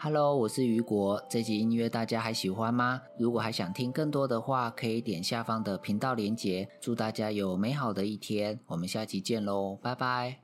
Hello，我是雨果。這集音樂大家還喜歡嗎？如果還想聽更多的話，可以點下方的頻道連結。祝大家有美好的一天，我們下期見嘍，拜拜。